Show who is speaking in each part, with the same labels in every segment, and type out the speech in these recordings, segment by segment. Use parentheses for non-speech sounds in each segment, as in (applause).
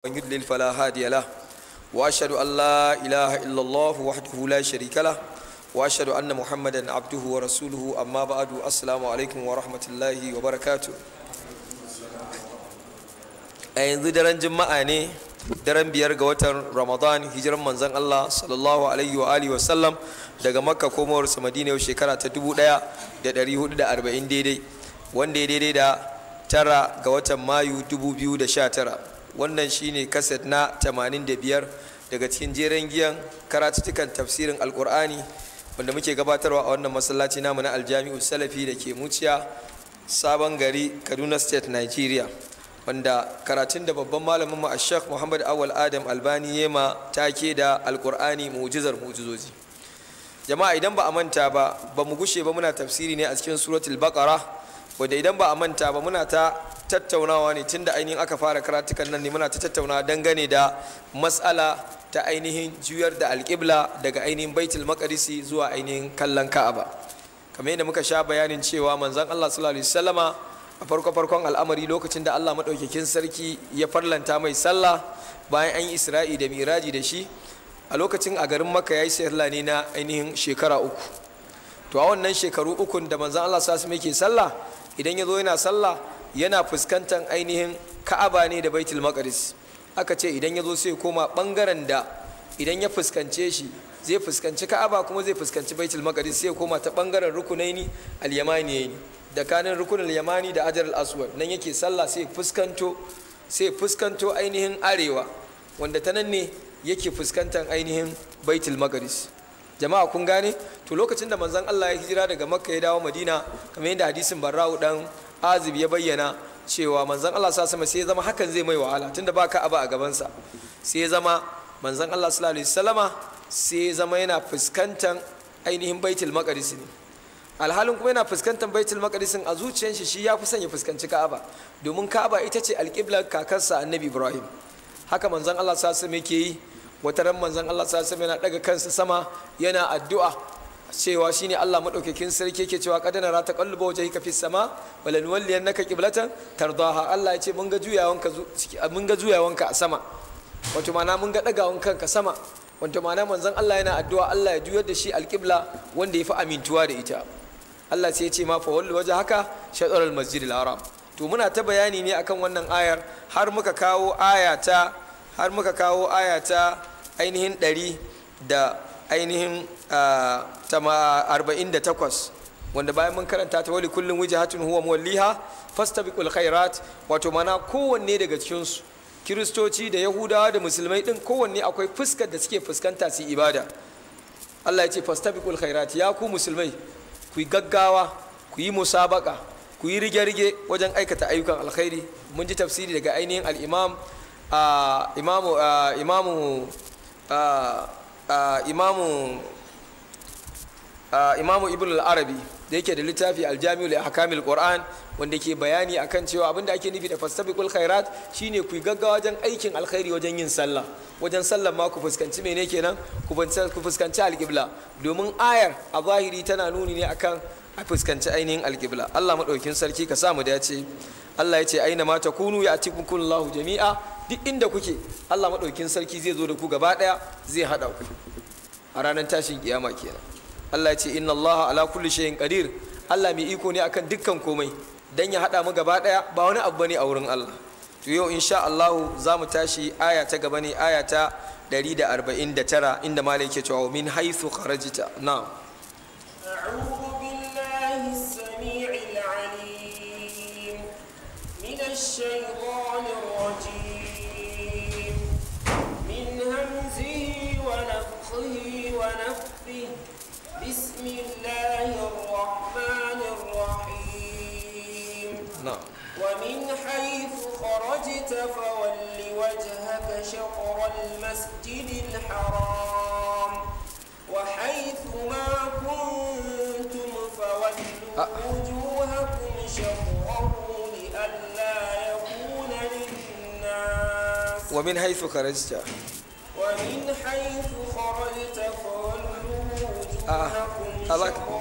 Speaker 1: من يضلل فلا هادي له واشهد ان لا اله الا الله وحده لا شريك له محمدا عبده ورسوله بعد السلام عليكم الله وبركاته a yanzu daren juma'a ne daren biyar ga watan ramadan hijiran manzon allah sallallahu alaihi wa alihi wasallam daga makka komowar su madina shekara ta 1440 da tara ga watan mayu 2019 wannan shine kaset na 85 daga cikin jeren giyan karatutukan tafsirin alkur'ani wanda muke gabatarwa a wannan masallaci namu na aljami'u salafi da ke muciya sabon gari kaduna state nigeria wanda karatun da babban malamin mu ashek muhammad awal adam albani yema ke da alkur'ani mu'jizar mu'jizoji jama'a idan ba a manta ba ba mu gushe ba muna tafsiri ne a cikin suratul baqara wadda idan ba a manta ba muna ta tattaunawa ne tun da ainihin aka fara karatukan nan ne muna ta tattaunawa dangane da matsala ta ainihin juyar da alƙibla daga ainihin baitul maƙarisi zuwa ainihin kallon ka'aba kamar yadda muka sha bayanin cewa manzon Allah sallallahu alaihi salama a farko farkon al'amari lokacin da Allah maɗaukakin sarki ya farlanta mai sallah bayan an yi Isra'i da Miraji da shi a lokacin a garin maka ya yayi sallah ne na ainihin shekara uku to a wannan shekaru ukun da manzan Allah sallallahu alaihi wasallam yake sallah idan ya zo yana sallah yana fuskantar ainihin ka'aba ne da baitul maqdis aka ce idan ya zo sai koma bangaren da idan ya fuskance shi zai fuskanci ka'aba kuma zai fuskanci baitul maqdis sai koma ta bangaren rukunaini al ne da kanin rukunin yamani da ajar al-aswad nan yake sallah sai fuskanto sai fuskanto ainihin arewa wanda ta nan ne yake fuskantar ainihin baitul maqdis jama'a kun gane to lokacin da manzon Allah ya hijira daga makka ya dawo madina kamar yadda hadisin barra'u dan azib ya bayyana cewa manzon Allah sa sama sai ya zama hakan zai mai wahala tunda baka abu a gabansa sai ya zama manzon Allah sallallahu alaihi wasallama sai ya zama yana fuskantar ainihin baitul maqdis ne alhalin kuma yana fuskantar baitul maqdis a zuciyar shi shi ya fi son ya fuskanci ka'aba domin ka'aba ita ce alƙiblar kakarsa annabi ibrahim haka manzon Allah sallallahu alaihi yake yi wata ran manzon Allah sallallahu alaihi yana daga kansa sama yana addu'a cewa shine Allah madaukakin sarki yake cewa kadana ra taqalluba wajhika fis sama walan walliyannaka qiblatan tardaha Allah ya ce mun ga juyawanka mun ga juyawanka a sama wato ma'ana mun ga dagawan kanka sama wato ma'ana manzon Allah yana addu'a Allah ya juyar da shi alqibla wanda ya fi amintuwa da ita Allah sai ya ce ma fa wallu wajhaka shatr al-masjid al-haram to muna ta bayani ne akan wannan ayar har muka kawo aya ta har muka kawo aya ta ainihin ɗari da ainihin arba'in da takwas wanda bayan mun karanta ta wali kullum hatun huwa muwalliha fastabiqul khairat wato mana kowanne daga cikinsu kiristoci da yahudawa da musulmai ɗin kowanne akwai fuskar da suke fuskanta su ibada Allah ya ce fastabiqul khairat ya ku musulmai ku yi gaggawa ku yi musabaka ku yi rige-rige wajen aikata ayyukan alkhairi mun ji tafsiri daga ainihin al'imam imamu imamu ibn al-arabi da yake da littafi aljami'u li ahkamil qur'an wanda ke bayani akan cewa abinda ake nufi da fastabiqul khairat shine ku gaggawa wajen aikin alkhairi wajen yin sallah wajen sallah ma ku fuskanci mene kenan ku fuskanci alqibla domin ayar a zahiri tana nuni ne akan a fuskanci ainihin alqibla Allah madaukin sarki ka sa mu dace Allah ya ce aina ma takunu ya atikum kullahu jami'a duk inda kuke Allah maɗaukin sarki zai zo da ku gaba ɗaya zai haɗa ku a ranar tashin kiyama kenan Allah ya ce inna Allah ala kulli shay'in qadir Allah mai iko ne akan dukkan komai dan ya haɗa mu gaba ɗaya ba wani abu bane a wurin Allah to yau insha Allah za mu tashi aya ta gaba ne aya ta 149 inda malai yake cewa min haythu kharajta na'am a'udhu billahi
Speaker 2: الرحمن الرحيم نعم ومن حيث خرجت فول وجهك شطر المسجد الحرام وحيث ما كنتم فولوا وجوهكم شطره لئلا يكون للناس
Speaker 1: ومن حيث خرجت
Speaker 2: ومن حيث خرجت فولوا آه. وجوهكم آه. شطره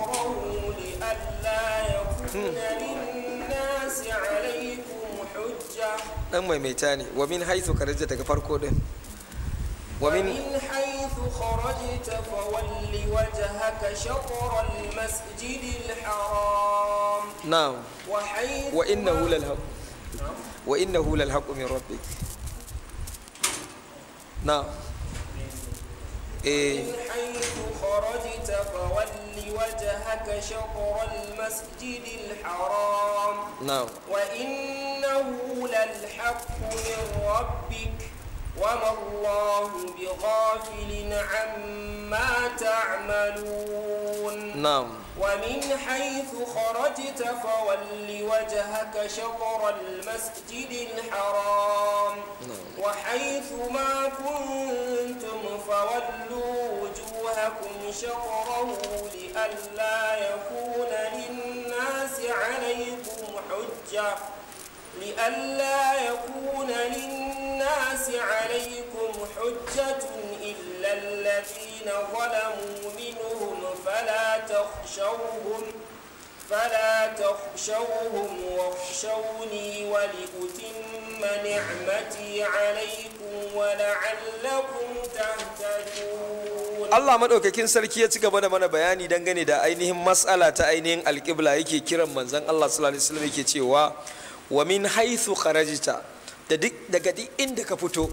Speaker 1: dan maimaita ne wa min haithu kharajta daga farko din
Speaker 2: wa min haithu kharajta fa walli wajhaka shatr al masjid al haram na'am wa haythu wa innahu
Speaker 1: lal haqq wa innahu lal haqq min rabbik na'am إيه. حيث خرجت فول وجهك
Speaker 2: شطر المسجد الحرام نعم وإنه للحق من ربك وما الله بغافل عما تعملون نعم ومن حيث خرجت فول وجهك شطر المسجد الحرام نعم. وحيث ما كنتم فولوا وجوهكم شطره لئلا يكون للناس عليكم حجة لئلا يكون للناس للناس عليكم حجة إلا الذين ظلموا منهم فلا تخشوهم فلا تخشوهم واخشوني ولأتم نعمتي عليكم ولعلكم تهتدون
Speaker 1: الله madaukakin sarki ya ci gaba da mana bayani dangane da ainihin matsala ta ainihin alƙibla yake kiran manzon Allah sallallahu alaihi wasallam yake cewa wa min haythu daga duk inda ka fito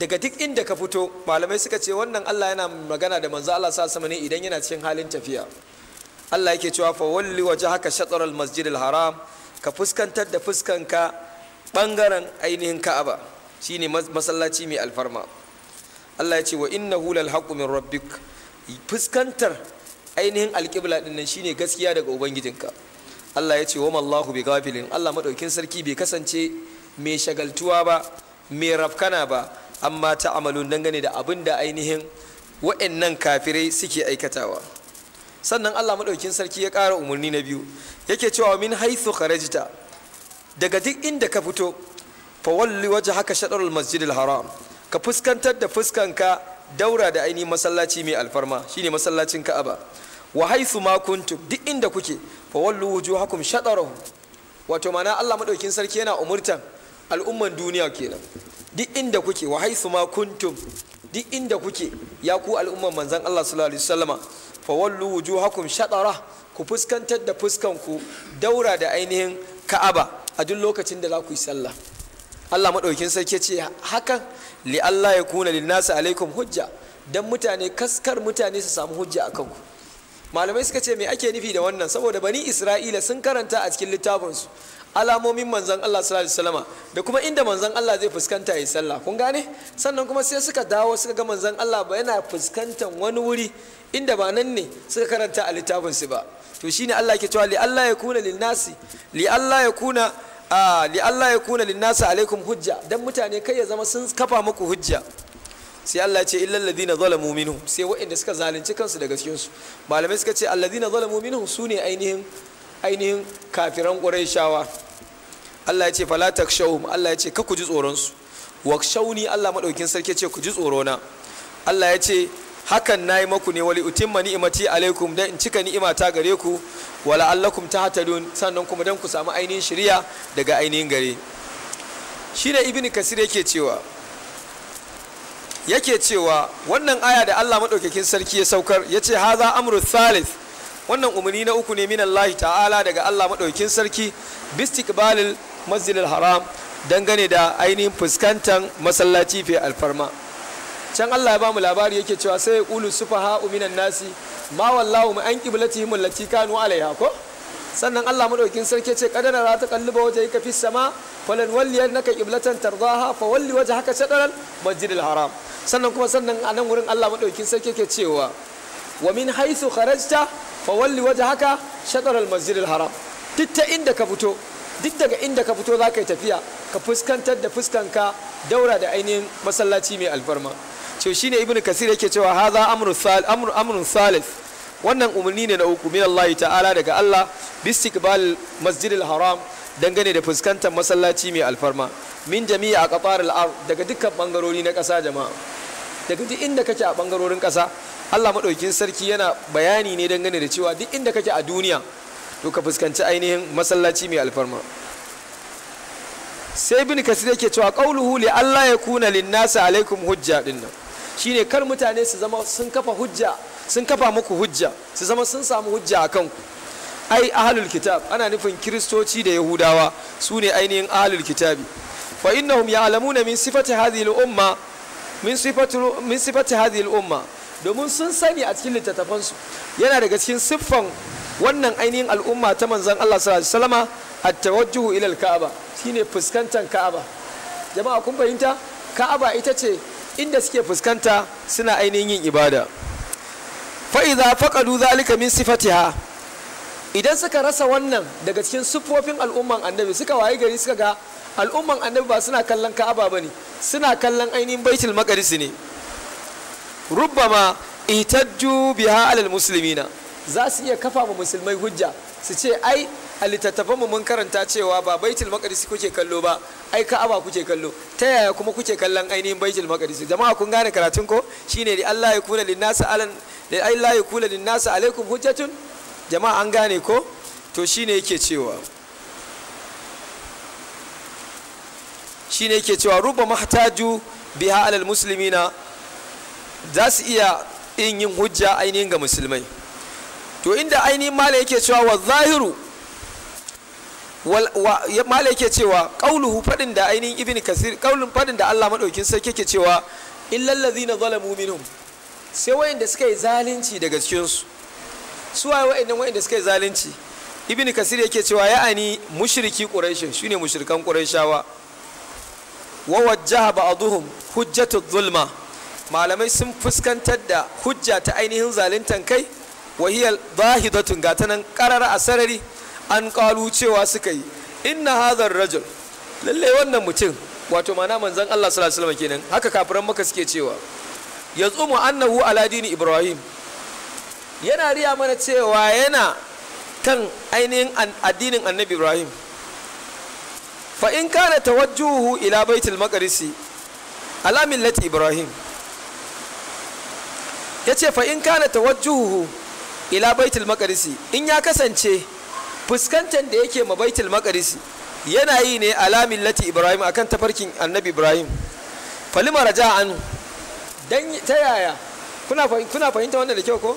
Speaker 1: daga duk inda ka fito malamai suka ce wannan Allah yana magana da manzo Allah sa sama ne idan yana cikin halin tafiya Allah yake cewa fa walli wajhaka shatr al masjid al haram ka fuskantar da fuskanka bangaren ainihin Ka'aba shine masallaci mai alfarma Allah ya ce wa innahu lal haqqu min rabbik fuskantar ainihin alqibla din nan shine gaskiya daga ubangijinka Allah ya ce wa mallahu bi ghafilin Allah madaukin sarki bai kasance mai shagaltuwa ba mai rafkana ba amma ta dangane da abin da ainihin wa'annan kafirai suke aikatawa sannan Allah maɗaukin sarki ya ƙara umarni na biyu yake cewa min haithu kharajta daga duk inda ka fito fa walli haka shaɗarul masjidil haram ka fuskantar da fuskanka daura da ainihin masallaci mai alfarma shine masallacin Ka'aba wa haithu ma kuntum duk inda kuke fa wallu wujuhakum shaɗarar wato mana Allah maɗaukin sarki yana umurtan al'umman duniya kenan duk inda kuke wa haisu ma kuntum duk inda kuke ya ku al'umman manzan Allah sallallahu alaihi wasallama fa wallu wujuhakum shatara ku fuskantar da fuskan ku daura da ainihin Ka'aba a duk lokacin da za ku yi sallah Allah madaukin sarki ce hakan li Allah ya kuna lin nasu alaikum hujja dan mutane kaskar mutane su samu hujja akan ku malamai suka ce me ake nufi da wannan saboda bani Isra'ila sun karanta a cikin littafinsu alamomin manzan Allah sallallahu alaihi wasallama da kuma inda manzan Allah zai fuskanta ya sallah kun gane sannan kuma sai suka dawo suka ga manzan Allah ba yana fuskantar wani wuri inda ba nan ne suka karanta a littafin su ba to shine Allah yake cewa li Allah ya kuna lin nasi li Allah ya kuna a li Allah ya kuna lin nasi alaikum hujja dan mutane kai ya zama sun kafa muku hujja sai Allah ce illal ladina zalamu minhum sai waɗanda suka zalunci kansu daga cikin su malamai suka ce alladina zalamu minhum sune ainihin ainihin kafiran shawa. Allah ya ce fala takshawhum Allah ya ce ka ku ji tsoron su Allah maɗaukin sarki ce ku ji tsoro na Allah ya ce hakan na yi maku ne wali mani imati alaikum dan in cika ni'imata gare ku wala allakum tahtadun sannan kuma dan ku samu ainihin shiriya daga ainihin gare Shi ne ibn kasir yake cewa yake cewa wannan aya da Allah maɗaukakin sarki ya saukar ya ce, haza amru thalith wannan umarni na uku ne min ta'ala daga Allah madaukin sarki bistiqbalil masjidil haram dangane da ainihin fuskantar masallaci fi alfarma can Allah ya ba mu labari yake cewa sai ya ƙulu sufaha minan nasi ma wallahu mu an qiblati hum allati kanu alaiha ko sannan Allah madaukin sarki ce kadana ra ta kalluba waje ka fi sama falan walliyannaka qiblatan tardaha fa walli haka shatral masjidil haram sannan kuma sannan a nan wurin Allah madaukin sarki ke cewa wa min haythu kharajta fa walli waje haka shatar masjidil haram duk ta inda ka fito duk daga inda ka fito za ka yi tafiya ka fuskantar da fuskanka daura da ainihin masallaci mai alfarma to shine ibn kasir yake cewa haza sal amru amrun salis wannan umarni ne na uku min Allah ta'ala daga Allah bistiqbal masjidil haram dangane da fuskantar masallaci mai alfarma min jami'a a qatar al daga dukkan bangarori na kasa jama'a daga duk inda kake a bangarorin kasa Allah maɗaukin sarki yana bayani ne dangane da cewa duk inda kake a duniya to ka fuskanci ainihin masallaci mai alfarma sai bin da ke cewa qauluhu li Allah ya kuna linnasa alaikum hujja din nan shine kar mutane su zama sun kafa hujja sun kafa muku hujja su zama sun samu hujja a kanku ai ahlul kitab ana nufin kiristoci da yahudawa su ne ainihin ahlul kitabi fa innahum ya'lamuna min sifati hadhihi al-umma min sifati hadhihi al'umma domin sun sani a cikin littattafansu yana daga cikin siffan wannan ainihin al'umma ta manzon Allah sallallahu alaihi wasallam at-tawajjuhu ila al-ka'aba shine fuskantar ka'aba jama'a kun fahimta ka'aba ita ce inda suke fuskanta suna ainihin yin ibada fa idza faqadu zalika min sifatiha idan suka rasa wannan daga cikin siffofin al'umman annabi suka waye gari suka ga al'umman annabi ba suna kallon ka'aba ba ne suna kallon ainihin baitul maqdis ne rubbama itajju biha alal muslimina za su iya kafa mu musulmai hujja su ce ai a littattafan mu mun karanta cewa ba baitul maqdis kuke kallo ba ai ka'aba kuke kallo ta yaya kuma kuke kallon ainihin baitul maqdis jama'a kun gane karatun ko shine li Allah ya kula linnasi alan li Allah ya kula linnasi alaikum hujjatun jama'a an gane ko to shine yake cewa shine yake cewa ruba mahtaju biha alal muslimina za su iya in yin hujja ainihin ga musulmai to inda ainihin mala yake cewa wa zahiru mala yake cewa kauluhu fadin da ainihin ibn kasir kaulun fadin da Allah madaukin sai yake cewa illal na zalamu minhum sai wayanda suka yi zalunci daga cikin su su waye wayannan wayanda suka yi zalunci ibn kasir yake cewa ya'ani mushriki quraish shine mushrikan quraishawa wa wajjaha hujjatu zulma malamai sun fuskantar da hujja ta ainihin zaluntar kai Wahiyar hiya zahidatun gata nan karar a sarari an kalu cewa suka yi inna hadhar rajul lalle wannan mutum wato mana manzon Allah sallallahu alaihi wasallam kenan haka kafiran maka suke cewa yazumu annahu ala dini ibrahim yana riya mana cewa yana kan ainihin addinin annabi ibrahim fa in kana tawajjuhu ila baitul maqdisi ala millati ibrahim yace fa in kana tawajjuhu ila baitul maqdisi in ya kasance fuskantar da yake ma baitul maqdisi yana yi ne ala lati ibrahim akan tafarkin annabi ibrahim falima raja anhu dan ta yaya kuna fahimta wannan da kyau ko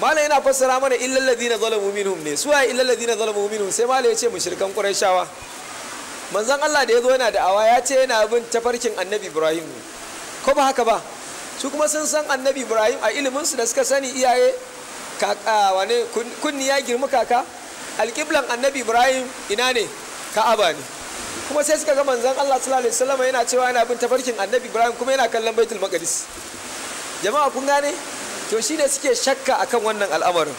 Speaker 1: malam yana fassara mana illal ladina zalamu minhum ne suwaye illal ladina zalamu minhum sai malam ya ce mushrikan quraishawa manzon Allah da ya zo yana da awa ya ce yana bin tafarkin annabi Ibrahim ne ko ba haka ba su kuma sun san annabi Ibrahim a ilimin su da suka sani iyaye kaka wane kunni ya girma kaka alqiblan annabi Ibrahim ina ne Ka'aba ne kuma sai suka ga manzon Allah sallallahu alaihi wasallam yana cewa yana bin tafarkin annabi Ibrahim kuma yana kallon Baitul Maqdis jama'a kun gane to shi ne suke shakka a kan wannan al'amarin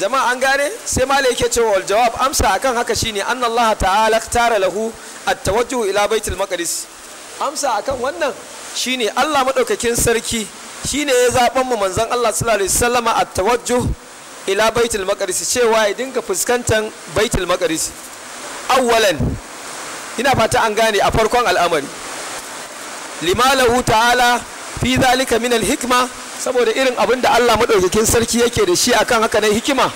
Speaker 1: jama'a an gane sai malai yake cewa wal jawab amsa akan haka shine annallaha ta'ala tara lahu at-tawajjuh ila baitul maqdis amsa akan wannan shine Allah madaukakin sarki shine ya zaben mu manzon Allah sallallahu alaihi wasallama at-tawajjuh ila baitul maqdis cewa ya dinga fuskantar baitul maqdis awwalan ina fata an gane a farkon al'amari limalahu ta'ala fi zalika min hikma saboda irin abin da Allah madaukakin sarki yake da shi akan haka na hikima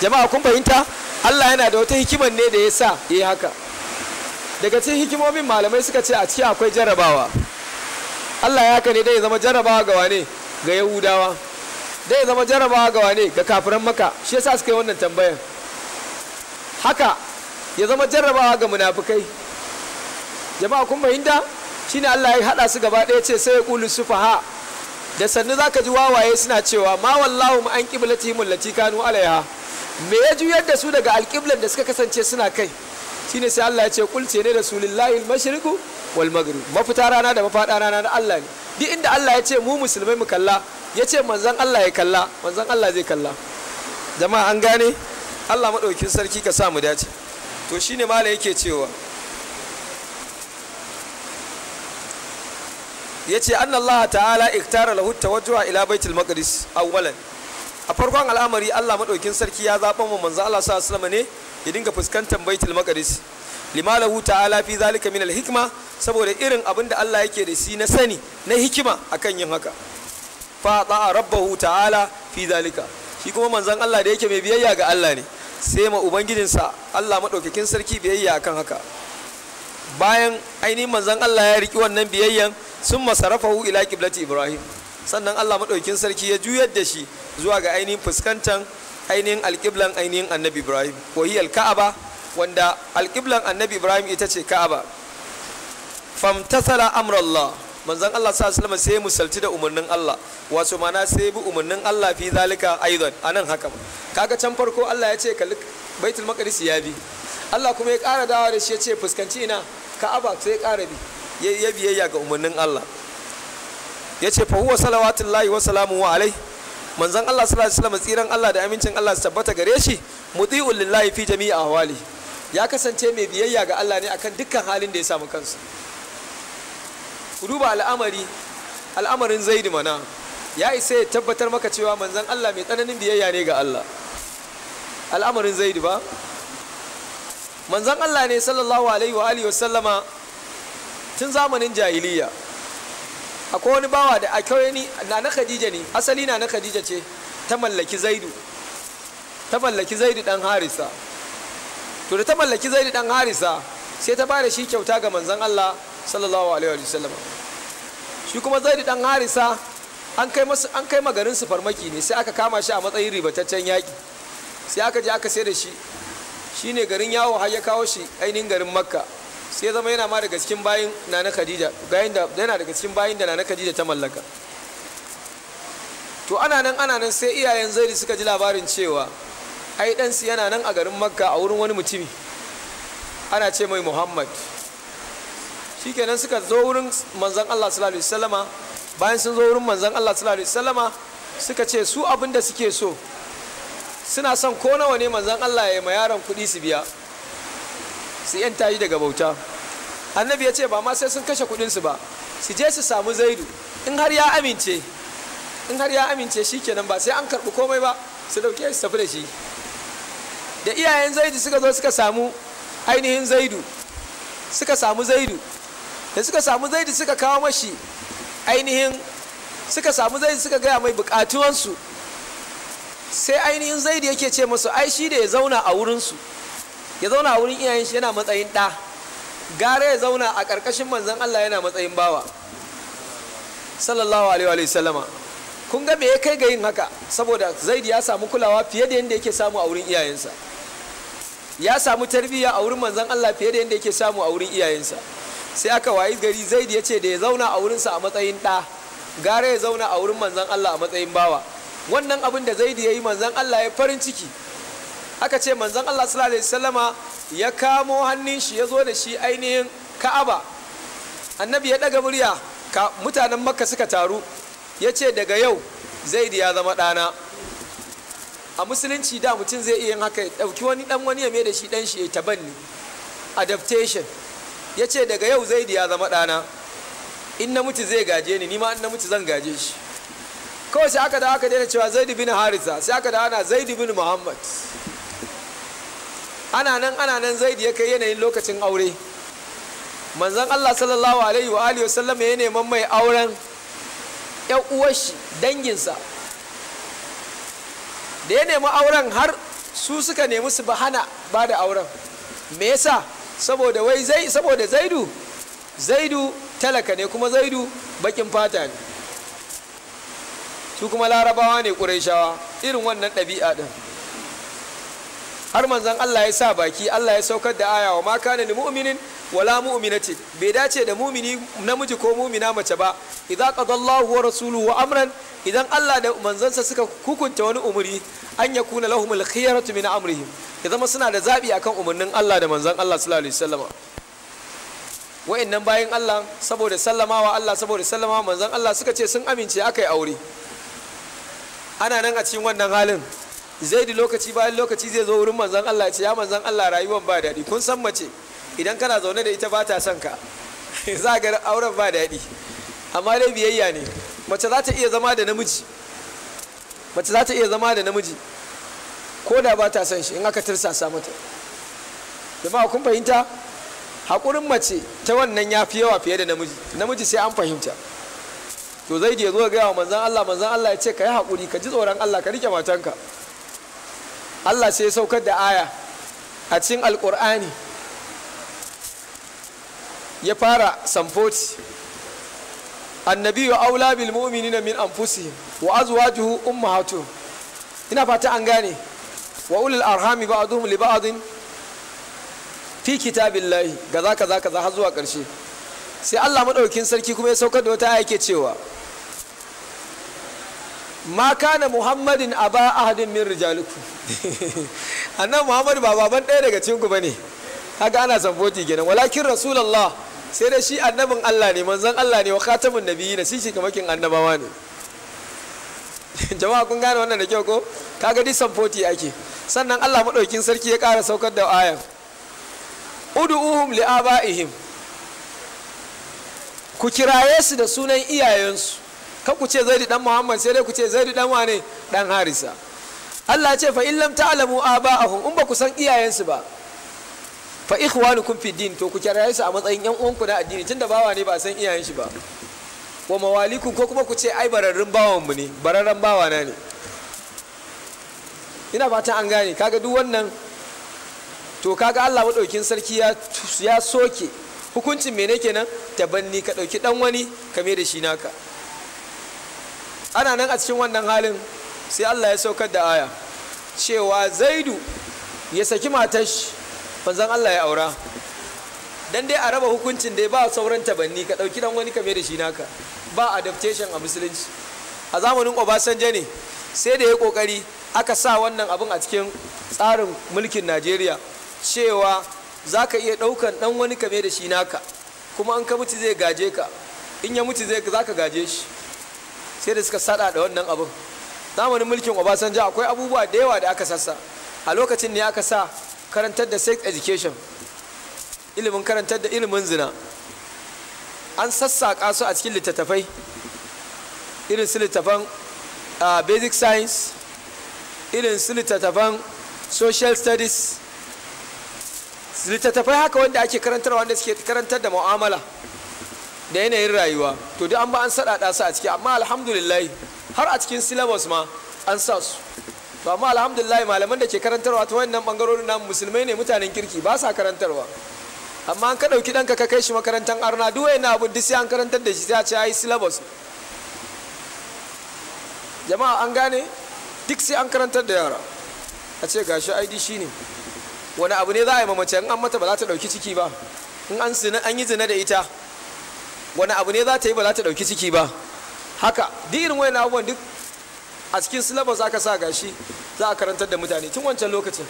Speaker 1: jama'a kun fahimta Allah yana da wata hikimar ne da ya sa haka daga cikin hikimomin malamai suka ce a ciki akwai jarabawa Allah ya haka ne dai zama jarabawa ga wane ga Yahudawa dai zama jarabawa ga wane ga kafiran maka shi yasa suka yi wannan tambayar haka ya zama jarrabawa ga munafukai jama'a kun fahimta shine Allah ya hada su gaba ɗaya ce sai ya kulu sufaha da sannu zaka ji wawaye suna cewa ma wallahu ma an mu lati kanu alaiha me ya juyar da su daga alqiblan da suka kasance suna kai shine sai Allah ya ce qul ne da al-mashriqu wal maghrib mafita rana da mafada rana na Allah ne duk inda Allah ya ce mu musulmai mu kalla ya ce manzon Allah ya kalla manzon Allah zai kalla jama'a an gane Allah madaukin sarki ka sa mu dace to shine malam yake cewa yace an Allah ta'ala iktara lahu tawajjuha ila baitul maqdis awwalan a farkon al'amari Allah madaukin sarki ya zaba mu manzo Allah sallallahu alaihi ne ya dinga fuskantar baitul maqdis limalahu ta'ala fi zalika min al saboda irin abin da Allah yake da shi na sani na hikima akan yin haka fa ta'a rabbahu ta'ala fi zalika shi kuma manzon Allah da yake mai biyayya ga Allah ne sai ma ubangijinsa Allah madaukakin sarki biyayya akan haka bayan ainihin Manzan Allah ya riki wannan biyayyan sun hu ila kiblati ibrahim sannan Allah madaukin sarki ya juyar da shi zuwa ga ainihin fuskantan ainihin alƙiblan ainihin annabi ibrahim wahi alka'aba wanda alƙiblan annabi ibrahim ita ce ka'aba famtasala amrallah Manzan Allah sallallahu alaihi sai musalti da umarnin Allah wato mana sai bi umarnin Allah fi zalika aidan anan haka kaga can farko Allah ya ce kalli baitul maqdis ya bi Allah kuma ya ƙara dawa da shi ya ce fuskanci ina ka'aba sai ƙara bi ya biyayya ga umarnin Allah ya ce fa huwa salawatul lahi wa salamu wa alai manzan Allah sallallahu alaihi wasallam tsiran Allah da amincin Allah su tabbata gare shi muti'ul lillahi fi jami'i ahwali ya kasance mai biyayya ga Allah ne akan dukkan halin da ya samu kansa ku duba al'amari al'amarin zaidi mana ya isa ya tabbatar maka cewa manzan Allah mai tsananin biyayya ne ga Allah al'amarin zaidi ba manzan Allah ne sallallahu alaihi wa alihi wasallama tun zamanin jahiliya akwai wani bawa da akwai ni na na Khadija ne asali na na Khadija ce ta mallaki Zaidu ta mallaki Zaidu dan Harisa to da ta mallaki Zaidu dan Harisa sai ta bada shi kyauta ga manzan Allah sallallahu alaihi wa sallama shi kuma Zaidu dan Harisa an kai masa an kai magarin su farmaki ne sai aka kama shi a matsayin ribataccen yaki sai aka je aka sai da shi shine garin yawo har ya kawo shi ainihin garin makka sai zama yana ma daga cikin bayin nana khadija yana daga cikin bayin da nana khadija ta mallaka to ana nan ana nan sai iyayen zairi suka ji labarin cewa ai ɗansu yana nan a garin makka a wurin wani mutumi ana ce mai muhammad shikenan suka zo wurin manzan allah sallallahu alaihi wasallama bayan sun zo wurin manzan allah sallallahu alaihi wasallama suka ce su abin da suke so suna son ko nawa ne manzan Allah ya ma yaron kuɗi su biya su yanta yi daga bauta annabi ya ce ba ma sai sun kashe kuɗinsu ba su je su samu zaidu in har ya amince in har ya amince shi kenan ba sai an karɓi komai ba su ɗauke su tafi da shi da iyayen zaidu suka zo suka samu ainihin zaidu suka samu zaidu da suka samu zaidu suka kawo mashi ainihin suka samu zaidu suka gaya mai buƙatuwansu sai ainihin zaidi yake ce musu ai shi da ya zauna a wurinsu ya zauna a wurin iyayen shi yana matsayin ɗa gara ya zauna a ƙarƙashin manzan Allah yana matsayin bawa sallallahu alaihi wa sallama kun ga me ya kai ga yin haka saboda zaidi ya samu kulawa fiye da yadda yake samu a wurin iyayensa ya samu tarbiyya a wurin manzan Allah fiye da yadda yake samu a wurin iyayensa sai aka wayi gari zaidi ya ce da ya zauna a wurinsa a matsayin ɗa gara ya zauna a wurin manzan Allah a matsayin bawa wannan abin da zaidi ya yi manzan allah ya farin ciki aka ce manzan allah sallallahu alaihi sallama ya kamo hannun shi ya zo da shi ainihin ka'aba annabi ya daga murya ka mutanen makka suka taru ya ce daga yau zaidi ya zama ɗana a musulunci da mutum zai iya yin haka ya ɗauki wani ɗan wani ya mai da shi ɗan shi ya ne? adaptation ya ce daga yau zaidi ya zama ɗana in na mutu zai gaje ni nima in mutu zan gaje shi kawai sai aka da aka daina cewa zaid bin harisa sai aka da ana zaid bin muhammad ana nan ana nan zaid ya kai yanayin lokacin aure manzan Allah sallallahu alaihi wa alihi wasallam ya neman mai auren ƴan uwashi shi danginsa da ya nemi auren har su suka nemi su ba hana ba da auren me yasa saboda wai saboda zaidu zaidu talaka ne kuma zaidu bakin fata ne su kuma larabawa ne ƙuraishawa irin wannan ɗabi'a ɗin har manzan Allah ya sa baki Allah ya saukar da ayawa wa ma kana ni mu'minin wala mu'minati bai dace da mu'mini namiji ko mu'mina mace ba idza qadallahu wa rasuluhu amran idan Allah da manzansa suka hukunta wani umuri an yakuna lahumul khiyaratu min amrihim ya zama suna da zabi akan umurnin Allah da manzan Allah sallallahu alaihi wasallam wa'annan bayin Allah saboda sallamawa Allah saboda sallamawa manzan Allah suka ce sun amince akai aure ana nan a cikin wannan halin zai di lokaci bayan lokaci zai zo wurin manzan Allah ce ya manzan Allah rayuwar ba daɗi kun san mace idan kana zaune da ita ba ta son ka (laughs) za ga auren ba daɗi amma dai biyayya ne mace za ta iya zama da namiji mace za ta iya zama da namiji ko da ba ta son shi in aka tirsasa mata jama'a kun fahimta haƙurin mace ta wannan ya fi yawa fiye da namiji namiji sai an fahimta to zai ya zo gaya wa manzan Allah manzan Allah ya ce ka yi haƙuri ka ji tsoron Allah ka rike matanka Allah sai ya saukar da aya a cikin alƙur'ani ya fara samfoti annabi wa aula bil mu'minina min anfusihim wa azwajuhu ummahatuhum ina fata an gane wa ulul arhami ba'dhum li ba'dhin fi kitabillahi za kaza kaza har zuwa ƙarshe sai Allah madaukin sarki kuma ya saukar da wata aya ke cewa ma kana muhammadin aba ahadin min rijaliku (laughs) annan muhammadu ba baban ɗaya daga cikin ba ne. haka ana samfoti kenan walakin rasulallah sai da shi annabin Allah ne manzon Allah ne wa khatamun nabiyina shi shi kamakin annabawa ne (laughs) jama'a kun gane wannan da kyau ko Ka duk samfoti ake sannan Allah madaukin sarki ya ƙara saukar da ayan ud'uhum li abaihim ku kiraye su da sunan iyayensu kan ku ce zaidu dan muhammad sai dai ku ce zaidu dan wane dan harisa Allah ce fa in lam ta'lamu aba'ahum in ba ku san iyayensu ba fa ikhwanukum fi din to ku kira su a matsayin yan uwan ku na addini tunda bawa ne ba san iyayen shi ba wa mawalikum ko kuma ku ce ai bararrun bawan mu ne bararren bawa na ne ina fatan an gane kaga duk wannan to kaga Allah madaukin sarki ya ya soke hukuncin mene kenan tabanni ka dauki dan wani kame da shi naka ana nan a cikin wannan halin sai Allah ya saukar da aya cewa zaidu ya saki matar shi banzan Allah ya aura dan dai a raba hukuncin dai ba sauran tabanni ka dauki dan wani kame da shi naka ba adaptation a musulunci a zamanin Obasanjo ne sai da ya kokari aka sa wannan abin a cikin tsarin mulkin Najeriya cewa za ka iya ɗaukan ɗan wani kame da shi naka kuma an ka mutu zai gaje ka in ya mutu zai ka gaje shi sai da suka sada da wannan abun. zamanin mulkin obasanjo akwai abubuwa da yawa da aka sassa a lokacin ne aka sa karantar da sex education ilimin karantar da ilimin zina an sassaƙa su a cikin littattafai irin su littattafan basic science irin su littattafan social studies littattafai haka wanda ake karantarwa karantar da mu'amala da yanayin rayuwa to duk an ba an saɗaɗa su a ciki amma alhamdulillah har a cikin syllabus ma an sa su to amma alhamdulillah malaman da ke karantarwa ta wannan bangarorin namu musulmai ne mutanen kirki ba sa karantarwa amma an ka ɗauki ɗanka ka kai shi makarantar arna duk wani abu duk sai an karantar da shi ta ce ai syllabus jama'a an gane duk sai an karantar da yara a ce gashi id shi ne wani abu ne za a yi mamace in an mata ba za ta ɗauki ciki ba in an yi zina da ita wani abu ne za ta yi ba za ta ɗauki ciki ba haka duk irin wani abubuwan duk a cikin za aka sa gashi za a karantar da mutane tun wancan lokacin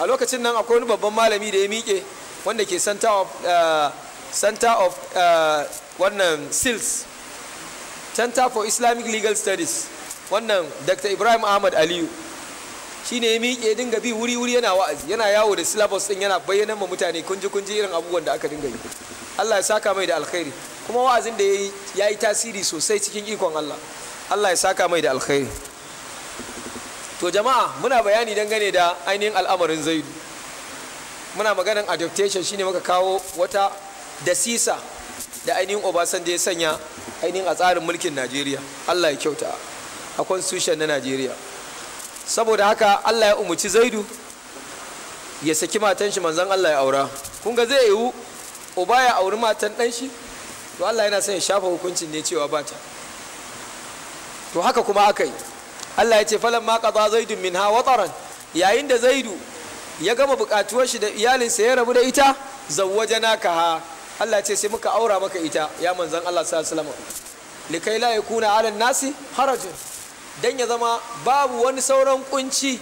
Speaker 1: a lokacin nan akwai wani babban malami da ya miƙe wanda ke center of eh, center of eh, wannan sils center for islamic legal studies wannan dr ibrahim ahmad aliyu Shi ne ya miƙe dinga bi wuri wuri yana wa'azi yana yawo da syllabus din yana bayyana ma mutane kunji kunji irin abubuwan da aka dinga yi Allah ya saka mai da alkhairi kuma wa'azin da yayi yayi tasiri sosai cikin ikon Allah Allah ya saka mai da alkhairi to jama'a muna bayani dangane da ainihin al'amarin zaidu muna maganan adaptation shine muka kawo wata dasisa da ainihin obasanjo ya sanya ainihin a tsarin mulkin najeriya allah ya kyauta a constitution na najeriya saboda haka Allah ya umarci Zaidu ya saki matan shi manzan Allah ya aura kun ga zai yiwu uba ya auri matan dan shi to Allah yana son ya shafa hukuncin ne cewa ba ta to haka kuma aka yi Allah ya ce falan ma qada zaidun minha wataran yayin da zaidu ya gama bukatuwar shi da iyalinsa ya rabu da ita zawwajana ka ha Allah ya ce sai muka aura maka ita ya manzan Allah sallallahu alaihi wasallam likai la yakuna ala nasi harajun don ya zama babu wani sauran kunci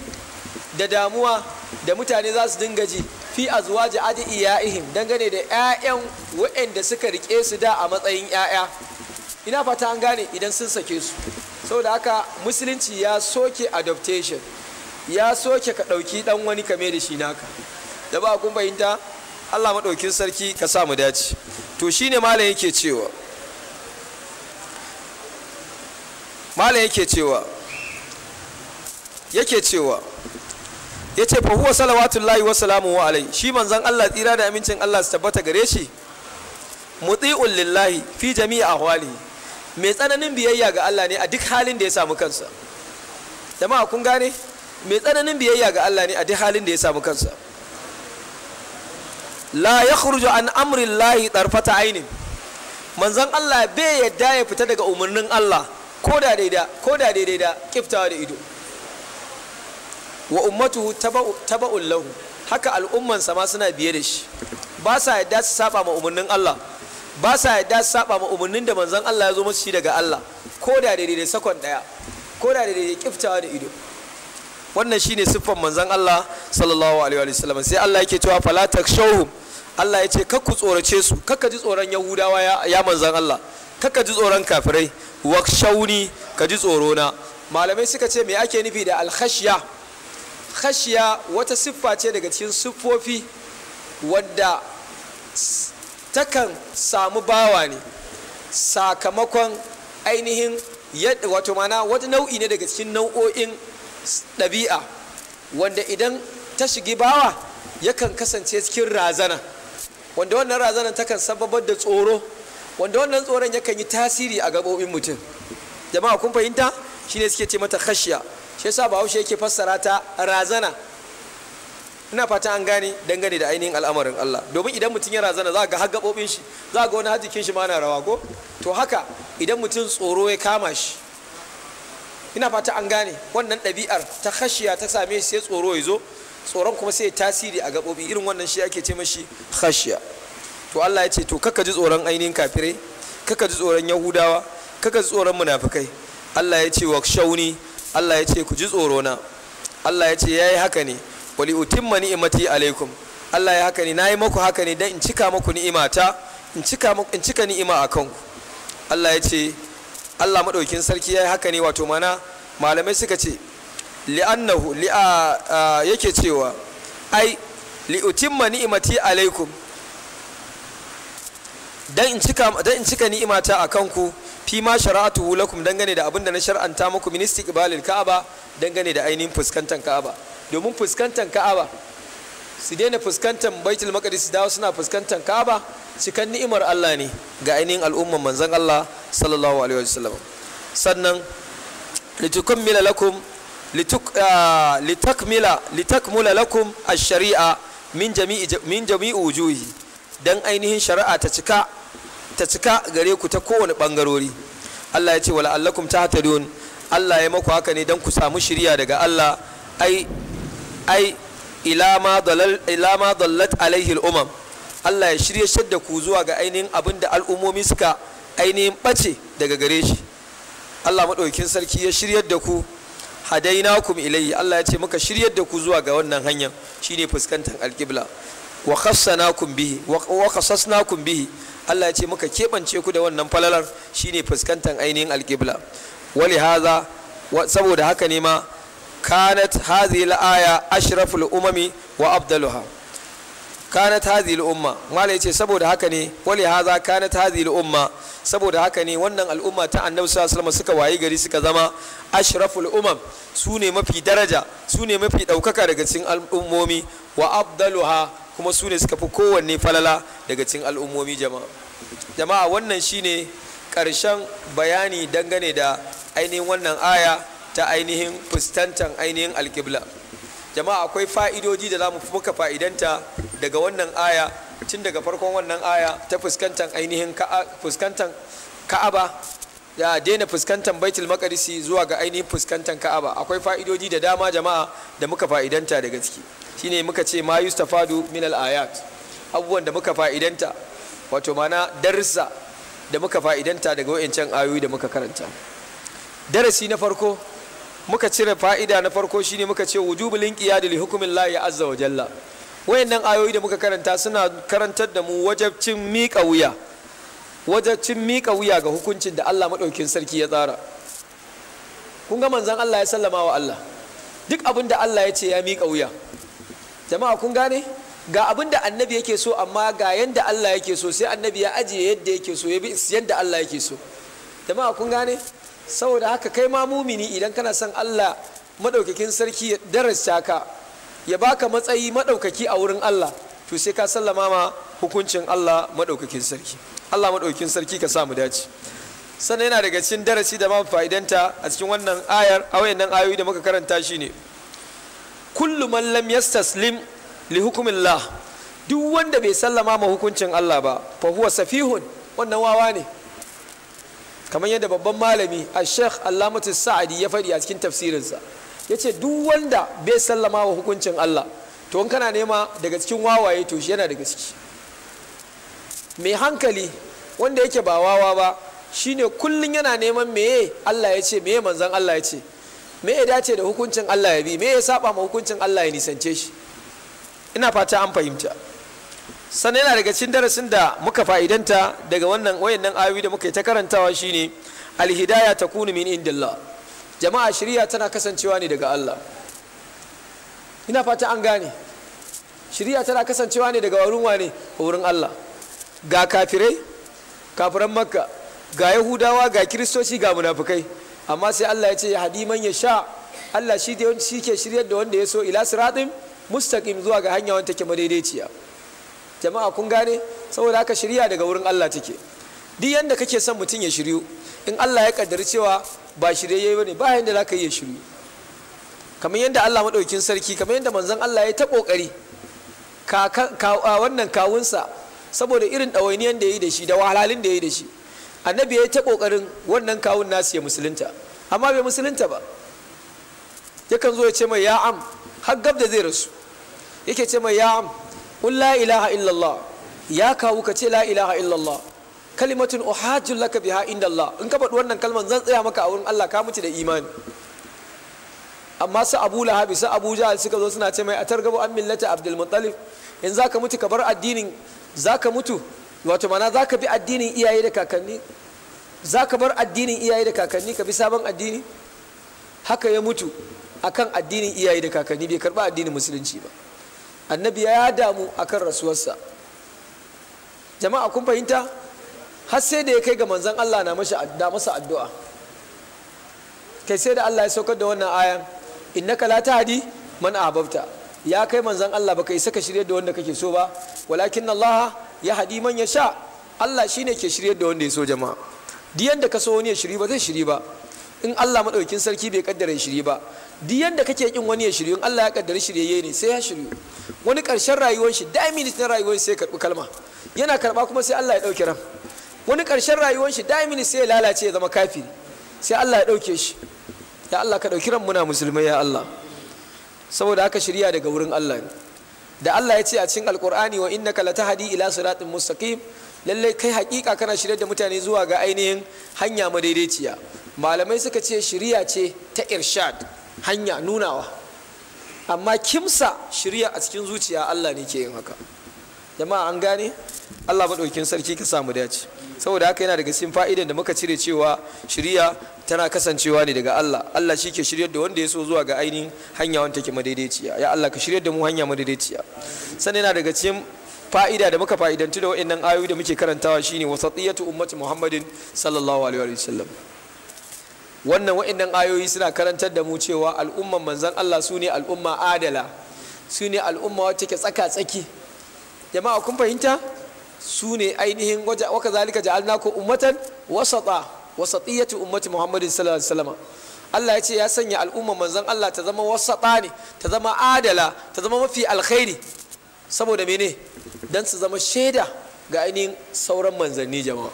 Speaker 1: da damuwa da mutane za su dinga ji fi azwaji Don dangane da 'ya'yan wa'anda suka rike su da a matsayin 'ya'ya ina fata an gane idan sun sake su saboda haka musulunci ya soke adaptation, ya soke ka ɗauki ɗan wani kame da shi naka da ba kun fahimta allah maɗaukin sarki ka sa dace to shine malam yake cewa malam yake cewa yake cewa ya ce fa huwa salawatullahi wa salamu alai shi manzan Allah tsira da amincin Allah su tabbata gare shi muti'un lillahi fi jami'i ahwali mai tsananin biyayya ga Allah ne a duk halin da ya samu kansa jama'a kun gane mai tsananin biyayya ga Allah ne a duk halin da ya samu kansa la ya an amrillahi tarfata ainin manzan Allah bai yadda ya fita daga umarnin Allah ko da daida ko da daidai da kiftawa da ido wa ummatu taba'un lahu haka al'ummansa ma suna biye da shi ba sa yadda su saba ma umarnin Allah ba sa yadda su saba ma umarnin da manzon Allah ya zo musu shi daga Allah ko da daidai da sakon daya ko da daidai da kiftawa da ido wannan shine siffan manzon Allah sallallahu alaihi wa sallam sai Allah yake cewa fala takshawhum Allah ya ce kakku tsorace su kakka ji tsoron Yahudawa ya manzon Allah kakka ji tsoron kafirai wakshauni ka ji na malamai suka ce me ake nufi da alkhashiya khashiya wata siffa ce daga cikin siffofi wadda takan samu bawa ne sakamakon ainihin yadda wato mana wata nau'i ne daga cikin nau'o'in ɗabi'a wanda idan ta shigi bawa yakan kasance cikin razana wanda wannan razanan takan sababar da tsoro wanda wannan tsoron yakan yi tasiri a gabobin mutum jama'a kun fahimta ne suke ce mata khashiya shi yasa bahaushe yake fassara ta razana ina fata an gane dangane da ainihin al'amarin Allah domin idan mutum ya razana za ga har gabobin shi za ga wani hajjikin shi ma na rawa ko to haka idan mutum tsoro ya kama shi ina fata an gane wannan ɗabi'ar ta khashiya ta same shi sai tsoro ya zo tsoron kuma sai tasiri a gabobi irin wannan shi ake ce mashi khashiya to Allah ya ce to kaka ji tsoron ainihin kafirai kaka ji tsoron yahudawa kaka ji tsoron munafikai Allah ya ce wa shauni Allah ya ce ku ji tsoro na Allah ya ce yayi haka ne wali utimma ni'imati alaikum Allah ya haka ne nayi maku haka ne dan in cika maku ni'imata in cika in cika ni'ima akan ku Allah ya ce Allah madaukin sarki yayi haka ne wato mana malamai suka ce li'annahu li'a yake cewa ai li'utimma ni'imati alaikum dan in cika dan in cika ni'imata akan ku fi ma shara'atuhu lakum dangane da abin da na shar'anta muku min istiqbalil ka'aba dangane da ainihin fuskantar ka'aba domin fuskantar ka'aba su daina fuskantar baitul maqdis dawo suna fuskantar ka'aba cikan ni'imar Allah ne ga ainihin al'umman manzon Allah sallallahu alaihi wasallam sannan litukammila lakum lituk ah, litakmila litakmula lakum ash-shari'a min jami'i min jami'i wujuhi dan ainihin shari'a ta cika ta cika gare ku ta kowane bangarori Allah ya ce wala allakum tahtadun Allah ya maku haka ne dan ku samu shiriya daga Allah ai ai ila ma dalal alaihi umam Allah ya shirye shadda ku zuwa ga ainihin abin da al'ummomi suka ainihin ɓace daga gare shi Allah maɗaukin sarki ya shiryar da ku hadainakum ilayhi Allah ya ce muka shiryar da ku zuwa ga wannan hanyar shine fuskantar alƙibla wa khassanakum bihi wa khassasnakum bihi Allah ya ce muka keɓance ku da wannan falalar shine fuskantar ainihin alƙibla wali haza saboda haka ne ma kanat hadhihi al-aya ashraful umami wa afdaluha kanat hadhihi al-umma mala yace saboda haka ne wali haza kanat hadhihi al-umma saboda haka ne wannan al'umma ta annabi sallallahu alaihi suka wayi gari suka zama ashraful umam su ne mafi daraja su ne mafi daukaka daga cikin al'ummomi wa afdaluha kuma su ne suka fi kowanne falala daga cikin al'ummomi jama'a jama'a wannan shine ƙarshen bayani dangane da ainihin wannan aya ta ainihin fuskantar ainihin alkibla jama'a akwai fa'idoji da za mu muka fa'idanta daga wannan aya tun daga farkon wannan aya ta fuskantar ainihin fuskantar ka'aba da daina fuskantar baitul makarisi zuwa ga ainihin fuskantar ka'aba akwai fa'idoji da dama jama'a da muka fa'idanta daga ciki shine muka ce ma yustafadu min al ayat abubuwan da muka fa'idanta wato mana darsa da muka fa'idanta daga wayancan ayoyi da muka karanta darasi na farko muka cire fa'ida na farko shine muka ce wujubul inqiyad li hukmillahi azza wa jalla wayannan ayoyi da muka karanta suna karantar da mu wajabcin miƙa wuya wajabcin miƙa wuya ga hukuncin da Allah madaukin sarki ya tsara kun ga manzon Allah ya sallama wa Allah duk abin da Allah ya ce ya miƙa wuya jama'a kun gane ga abin da annabi yake so amma ga yadda Allah yake so sai annabi ya ajiye yadda yake so ya bi yadda Allah yake so jama'a kun gane saboda haka kai ma mumini idan kana son Allah madaukakin sarki ya darasta ka ya baka matsayi maɗaukaki a wurin Allah to sai ka sallama ma hukuncin Allah madaukakin sarki Allah madaukakin sarki ka samu dace sannan yana daga cikin darasi da man fa'idanta a cikin wannan ayar a wayannan ayoyi da muka karanta shine ne kullu man lam yastaslim li hukumillah duk wanda bai sallama ma hukuncin Allah ba fa huwa safihun wannan wawa ne kamar yadda babban malami a sheikh allamatu sa'adi ya faɗi a cikin tafsirinsa ya ce duk wanda bai sallama wa hukuncin allah to in kana nema daga cikin wawaye to shi yana daga ciki mai hankali wanda yake ba wawa ba shine kullum yana neman meye allah ya ce meye manzan allah ya ce me ya dace da hukuncin Allah ya bi me ya saba ma hukuncin Allah ya nisance shi ina fata an fahimta sannan yana daga cikin darasin da muka fa'idanta daga wannan wayannan ayoyi da muka yi ta karantawa shine alhidaya takunu min indillah jama'a shari'a tana kasancewa ne daga Allah ina fata an gane shari'a tana kasancewa ne daga wurin wane wurin Allah ga kafirai kafiran makka ga yahudawa ga kiristoci ga munafukai amma sai Allah ya ce hadiman ya sha Allah shi ke shiryar da wanda ya so ila siratin mustaqim zuwa ga hanya wanda take madaidaiciya jama'a kun gane saboda haka shirya daga wurin Allah take duk yanda kake son mutum ya shiryu in Allah ya kaddari cewa ba shiryayye bane ba yanda zaka iya shiryu kamar yadda Allah madaukin sarki kamar yadda manzon Allah ya ta kokari wannan kawunsa saboda irin ɗawainiyar da ya yi da shi da wahalalin da ya yi da shi annabi ya yi ta kokarin wannan kawun nasu ya musulunta amma bai musulunta ba yakan zo ya ce mai ya'am. har gab da zai rasu yake ce mai ya'am. kun la illallah ya kawu ka ce la ilaha illallah kalimatun uhajjun laka biha inda Allah in ka faɗi wannan kalman zan tsaya maka a wurin Allah ka mutu da imani amma su Abu Lahabi su Abu Jahal suka zo suna ce mai a targabu an millata Abdul Muttalib in zaka mutu ka bar addinin ka mutu wato mana za ka bi addinin iyaye da kakanni za ka bar addinin iyaye da kakanni ka bi sabon addini haka ya mutu akan addinin iyaye da kakanni bai karba addinin musulunci ba annabi ya damu akan rasuwarsa jama'a kun fahimta har sai da ya kai ga manzon Allah na masa addu'a kai sai da Allah ya saukar da wannan ayan innaka la tahdi man ahbabta ya kai manzon Allah baka isa ka shirye da wanda kake so ba walakin Allah ya haɗi man ya sha Allah shine ke shirye da wanda ya so jama'a duk yadda ka so wani ya shiri ba zai shiri ba in Allah maɗaukin sarki bai kaddara shiri ba duk yadda kake kin wani ya shiri in Allah ya kaddara yayi ne sai ya shiri wani karshen rayuwar shi da minit na rayuwar sai karbi kalma yana karba kuma sai Allah ya dauke ran wani karshen rayuwar shi da minit sai ya lalace ya zama kafiri sai Allah ya dauke shi ya Allah ka dauki ran muna musulmai ya Allah saboda haka shirya daga wurin Allah ne da Allah ya ce a cikin alkur'ani wa innaka latahdi ila siratin mustaqim lallai kai hakika kana shirya da mutane zuwa ga ainihin hanya madaidaiciya malamai suka ce shirya ce ta irshad hanya nunawa amma kimsa shirya a cikin zuciya Allah ne ke yin haka jama'a an gane Allah maɗaukin sarki ka samu dace saboda haka yana daga cikin fa'idan da muka cire cewa shirya tana kasancewa ne daga Allah Allah shi ke shiryar da wanda ya so zuwa ga ainihin hanya wanda take madaidaiciya ya Allah ka shiryar da mu hanya madaidaiciya sannan yana daga cikin fa'ida da muka fa'idantu da waɗannan ayoyi da muke karantawa shine wasatiyatu ummati Muhammadin sallallahu alaihi wa sallam wannan waɗannan ayoyi suna karantar da mu cewa al'umman manzon Allah su ne al'umma adala su ne al'umma wacce ke tsaka-tsaki jama'a kun fahimta su ne ainihin waka zalika ja'alnakum ummatan wasata wasatiyatu ummati muhammadin sallallahu alaihi wasallam Allah ya ce ya sanya al'umma manzon Allah ta zama wasata ne ta zama adala ta zama mafi alkhairi saboda mene dan su zama shaida ga ainihin sauran manzanni jama'a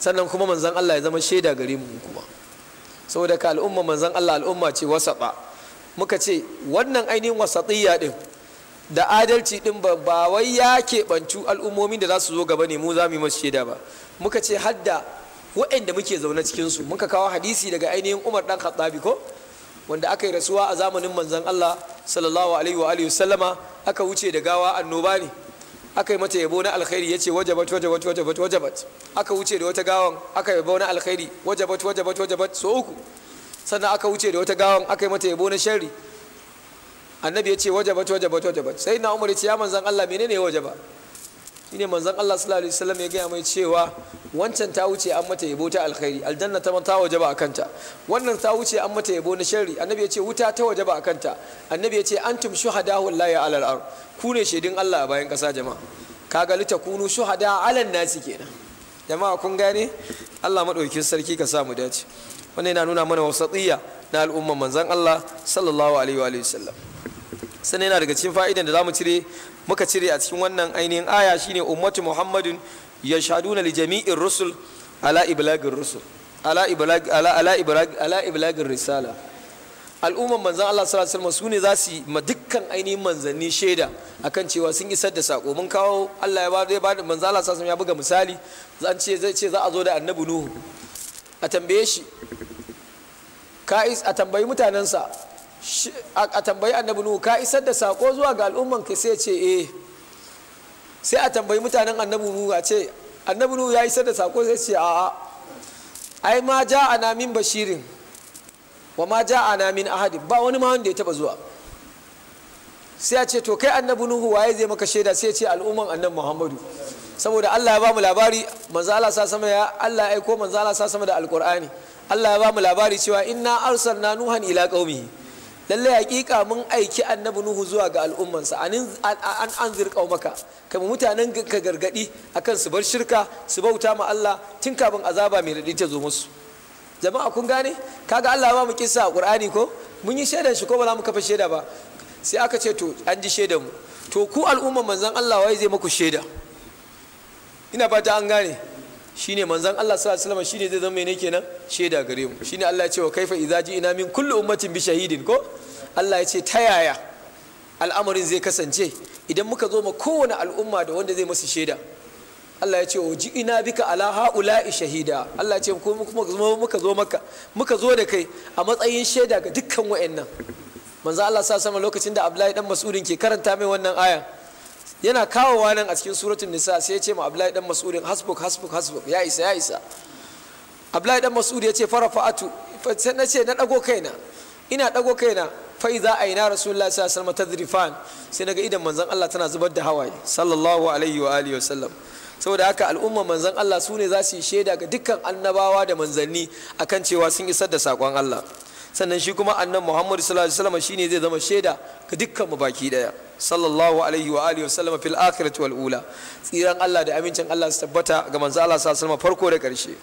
Speaker 1: sannan kuma manzon Allah ya zama shaida gare mu kuma saboda ka al'umma manzon Allah al'umma ce wasata muka ce wannan ainihin wasatiyya din da adalci din ba wai ya keɓancu al'ummomin da za su zo gaba ne mu za mu yi masu shaida ba muka ce hadda waɗanda muke zaune cikinsu muka kawo hadisi daga ainihin umar ɗan khattabi ko wanda aka yi rasuwa a zamanin manzon Allah sallallahu alaihi wa alihi sallama aka wuce da gawa annoba ne aka yi mata yabo na alkhairi yace wajabat wajabat wajabat wajabat aka wuce da wata gawan aka yabo na alkhairi wajabat wajabat wajabat so uku sannan aka wuce da wata gawan aka yi mata yabo na sharri annabi yace wajabat wajabat wajabat sai na umar yace ya manzon Allah menene wajaba shine manzon Allah sallallahu alaihi wasallam ya gaya mai cewa wancan ta wuce an mata yabo ta alkhairi aljanna ta ta waje ba akanta wannan ta wuce an mata yabo na sharri annabi ya ce wuta ta waje ba akanta annabi ya ce antum shuhada wallahi ya alal ar ku ne shaidin Allah a bayan kasa jama'a kaga litakunu shuhada alan nasi kenan jama'a kun gane Allah madaukin sarki ka samu dace wannan yana nuna mana wasatiyya na al'umma manzon Allah sallallahu alaihi wa sallam sannan yana daga cikin fa'idan da zamu cire muka cire a cikin wannan ainihin aya shine ummatu muhammadin yashhaduna li jami'ir rusul ala iblagir rusul ala iblag risala al'umman manzan Allah sallallahu alaihi wasallam sune za su ma dukkan ainihin manzanni shaida akan cewa sun isar da sako mun kawo Allah ya bada bada manzan Allah sallallahu alaihi wasallam ya buga misali zan ce zai ce za a zo da annabi nuhu a tambaye shi ka a tambayi mutanensa a tambayi annabi nuhu ka isar da sako zuwa ga al'umman ka sai ce eh sai a tambayi mutanen annabi nuhu a ce annabi nuhu ya isar da sako sai ce a'a ai ma ja ana min bashirin wa ma ja ana min ahadi ba wani ma wanda ya taba zuwa sai a ce to kai annabi nuhu waye zai maka shaida sai ce al'umman annabi muhammadu saboda Allah ya ba mu labari manzo Allah sa sama ya Allah ya aiko manzo Allah sa sama da alqur'ani Allah ya ba mu labari cewa inna arsalna nuhan ila qaumihi lallai hakika mun aiki annabi nuhu zuwa ga al'ummansa an zirka maka kamar mutanen ka gargadi akan su bar shirka su bauta ma Allah tun kafin azaba mai radi ta zo musu jama'a kun gane kaga Allah ba mu kissa a Qur'ani ko mun yi shaidan shi ko ba za mu kafa shaida ba sai aka ce to an ji shaidan mu to ku al'umman manzon Allah wai zai muku shaida ina fata an gane shine manzon Allah sallallahu alaihi wasallam shine zai zama ne kenan shaida gare mu shine Allah ya ce wa kaifa idza ina min kulli ummatin bi shahidin ko Allah ya ce ta yaya al'amarin zai kasance idan muka zo ma kowane al'umma da wanda zai masu shaida Allah ya ce wa ina bika ala haula'i shahida Allah ya ce ko muka zo maka muka zo da kai a matsayin shaida ga dukkan wayannan manzo Allah sallallahu alaihi wasallam lokacin da Abdullahi dan Mas'udin ke karanta mai wannan ayan yana kawowa nan a cikin suratun nisa sai ya ce ma abdullahi dan mas'udin hasbuk hasbuk hasbuk ya isa ya isa abdullahi dan mas'ud ya ce farafa'atu sai na ce na dago kaina ina dago kaina fa iza aina rasulullahi sallallahu alaihi wasallam tadrifan sai naga idan manzon Allah tana zubar da hawaye sallallahu alaihi wa alihi wasallam saboda haka al'umma manzon Allah su ne za su yi shaida ga dukkan annabawa da manzanni akan cewa sun isar da sakon Allah sannan shi kuma annan Muhammad sallallahu alaihi wasallam shine zai zama shaida ga dukkan mu baki daya sallallahu alaihi wa alihi wasallam fil akhirati wal ula tsiran Allah da amincin Allah su tabbata ga manzo Allah sallallahu alaihi wasallam farko da karshe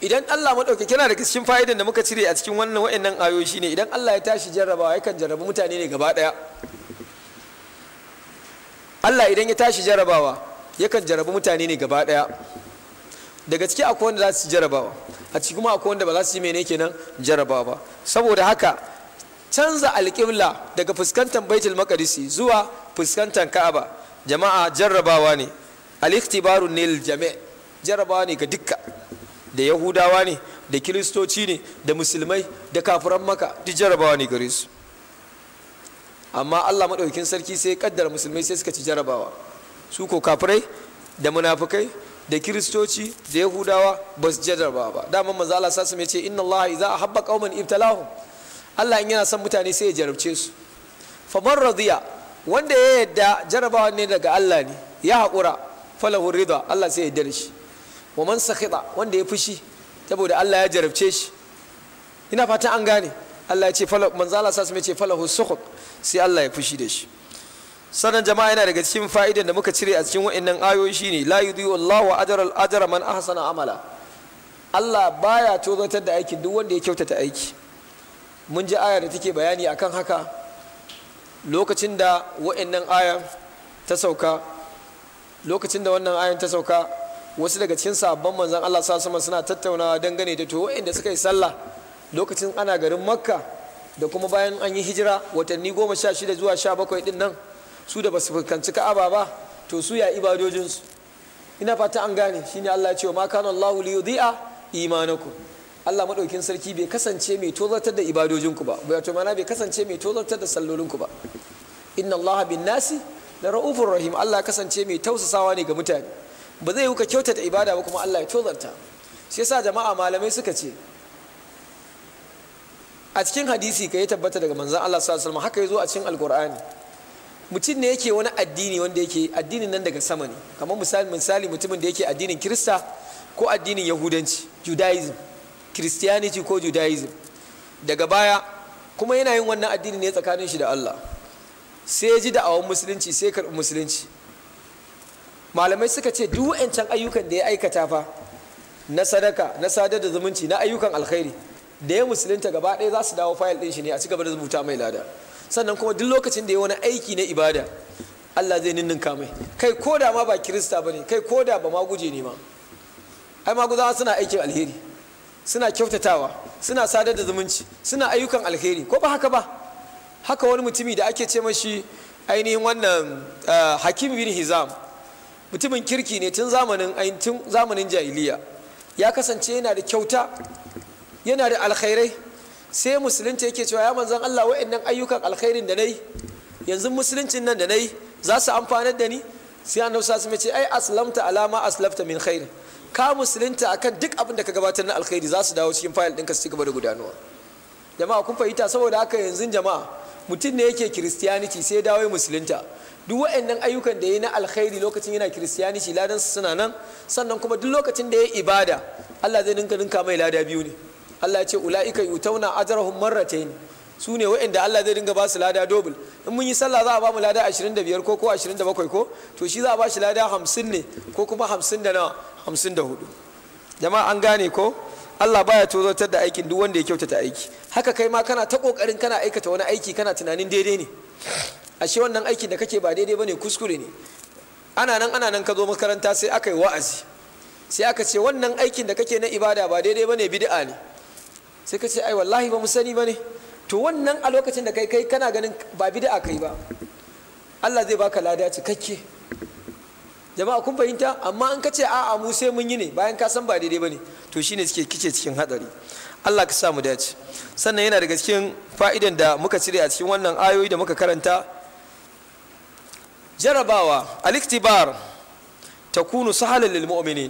Speaker 1: idan Allah madaukaki kina da cikin fa'idan da muka cire a cikin wannan wayannan ayoyi shine idan Allah ya tashi jarrabawa yakan jarrabu mutane ne gaba daya Allah idan ya tashi jarrabawa yakan jarrabu mutane ne gaba daya daga ciki akwai wanda za su jarrabawa a ciki kuma akwai wanda ba za su yi mene kenan jaraba ba saboda haka canza alƙibla daga fuskantar baitul maqdisi zuwa fuskantar ka'aba jama'a jarrabawa ne al-ikhtibaru nil jami' jarrabawa ne ga dukka da yahudawa ne da kiristoci ne da musulmai da kafiran maka duk jarrabawa ne gare su amma Allah madaukin sarki sai kaddara musulmai sai suka ci jarrabawa su ko kafirai da munafukai da kiristoci da yahudawa ba su jadar ba dama manzo Allah sa mai ce inna Allah idza ahabba qauman ibtalahum Allah in yana son mutane sai ya jarabce su man radiya wanda ya yadda jarabawa ne daga Allah ne ya haƙura falahu rida Allah sai ya yarda shi wa man sakhita wanda ya fushi saboda Allah ya jarabce shi ina fatan an gane Allah ya ce manzo Allah sa mai ce falahu sukhut sai Allah ya fushi da shi sannan jama'a yana daga cikin fa'idan da muka cire a cikin wa'annan ayoyi shine la yudhi'u Allahu ajral ajra man ahsana amala Allah baya tozartar da aikin duk wanda ya kyautata aiki mun ji aya da take bayani akan haka lokacin da wa'annan aya ta sauka lokacin da wannan ayan ta sauka wasu daga cikin sabon manzon Allah sallallahu alaihi suna tattaunawa dangane da to wa'anda suka yi sallah lokacin ana garin Makka da kuma bayan an yi hijira watanni goma sha shida zuwa sha bakwai din nan su da basu fuskanci ka'aba ba to su ya ibadojinsu ina fata an gane shine Allah ya ce ma kana Allahu li yudhi'a imanakum Allah madaukin sarki bai kasance mai tozartar da ibadojinku ba bai to mana bai kasance mai tozartar da sallolinku ba inna Allah bin nasi la ra'ufur rahim Allah kasance mai tausasawa ne ga mutane ba zai ka kyautata ibada ba kuma Allah ya tozarta shi yasa jama'a malamai suka ce a cikin hadisi ka yi tabbata daga manzon Allah sallallahu alaihi wasallam haka yazo a cikin alqur'ani mutum ne yake wani addini wanda yake addinin nan daga sama ne kamar misali misali mutumin da yake addinin kirista ko addinin yahudanci judaism christianity ko judaism daga baya kuma yana yin wannan addini ne tsakanin shi da allah sai ya ji awon musulunci sai karɓi musulunci malamai suka ce duk wa'ancan ayyukan da ya aikata fa na sadaka na sadar da zumunci na ayyukan alkhairi da ya musulunta gaba ɗaya za su dawo fayil ɗin shi ne a cigaba da rubuta mai lada sannan kuma duk lokacin da ya wani aiki na ibada Allah zai ninninka mai kai ko da ma ba kirista ba ne kai ko da ba maguje ne ma ai maguzawa suna aikin alheri suna kyautatawa suna sadar da zumunci suna ayyukan alheri ko ba haka ba haka wani mutumi da ake ce mashi ainihin wannan eh, hakim bin hizam mutumin kirki ne tun zamanin tun zamanin jahiliya ya kasance yana da kyauta yana da alkhairai sai musulunci yake cewa ya manzan Allah wa'annan ayyukan alkhairin da nayi yanzu musuluncin nan da nayi za su amfanar da ni sai annabi su su ce ai aslamta alama aslafta min khair ka musulunta akan duk abin da ka gabatar na alkhairi za su dawo cikin fayil ɗinka su ci gaba da gudanuwa jama'a kun fahimta saboda haka yanzu jama'a mutum ne yake kiristiyaniti sai dawo musulunta duk wa'annan ayyukan da ya na alkhairi lokacin yana kiristiyaniti ladan suna nan sannan kuma duk lokacin da ya ibada Allah zai ninka ninka mai lada biyu ne Allah ya ce ula'ika yutauna ajrahum marratayn su ne waɗanda Allah zai dinga ba su lada dobul in mun yi sallah za a ba mu lada 25 ko ko 27 ko to shi za a ba shi lada 50 ne ko kuma 50 da nawa 54 jama'a an gane ko Allah baya tozartar da aikin duk wanda ya kyautata aiki haka kai ma kana ta kokarin kana aikata wani aiki kana tunanin daidai ne ashe wannan aikin da kake ba daidai bane kuskure ne ana nan ana nan ka zo makaranta sai aka yi wa'azi sai aka ce wannan aikin da kake na ibada ba daidai bane bid'a ne sai ka ce ai wallahi ba mu sani ba ne to wannan a lokacin da kai kai kana ganin ba bid'a kai ba Allah zai baka lada cikakke jama'a kun fahimta amma an ka ce a'a mu sai mun yi ne bayan ka san ba daidai bane ne to shine suke kice cikin hadari Allah ka sa mu dace sannan yana daga cikin fa'idan da muka cire a cikin wannan ayoyi da muka karanta jarabawa al-iktibar takunu sahalan lil mu'minin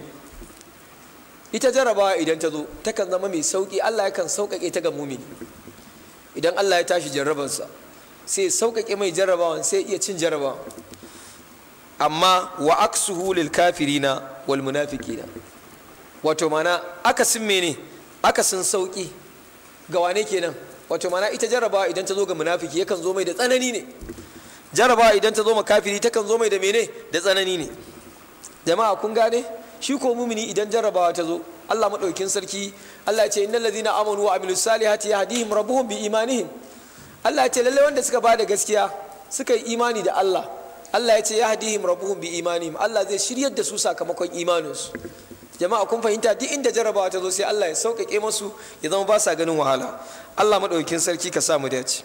Speaker 1: ita jarabawa idan ta zo takan zama mai sauƙi allah ya kan sauƙaƙe ta ga mumini idan allah ya tashi jarrabansa sai ya sauƙaƙe mai jarrabawa sai iya cin jarrabawa amma wa aksuhu lil kafirina wal munafiqina wato mana akasin mene akasin sauƙi ga wane kenan wato mana ita jarabawa idan ta zo ga munafiki yakan zo mai da tsanani ne jarabawa idan ta zo ma kafiri takan zo mai da mene da tsanani ne jama'a kun gane shi ko mumini idan jarrabawa ta zo Allah madaukin sarki Allah ya ce innal ladina amanu wa amilus salihati yahdihim rabbuhum bi imanihim Allah ya ce lalle wanda suka bada gaskiya suka yi imani da Allah Allah ya ce yahdihim rabbuhum bi imanihim Allah zai shiryar da su sakamakon imaninsu jama'a kun fahimta duk inda jarrabawa ta zo sai Allah ya sauƙaƙe masu ya zama ba sa ganin wahala Allah madaukin sarki ka samu dace